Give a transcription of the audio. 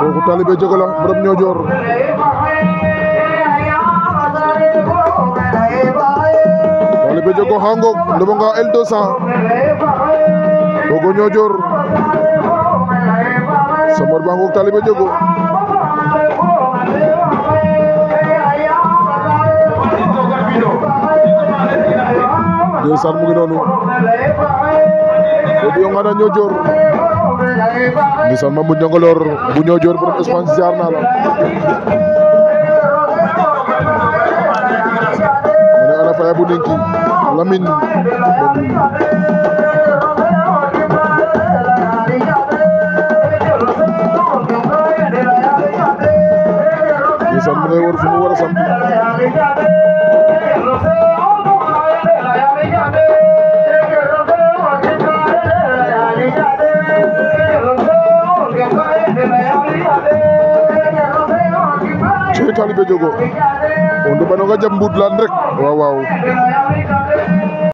kooku taalibe Jóob la borom ñoo joor taalibe Jóob xango Ndobonga L200 kooku ñoo joor ba ngoog taalibe Jóob ndeysaan mu ngi noonu ko di yongana ñoo ndeysaan ma bu njongoloor bu ñoo joor borom Ousmane ziar naa la bu Lamine war fu cey taalibe Jogo on ɗo ɓano ga jam mbuud rek waaw waaw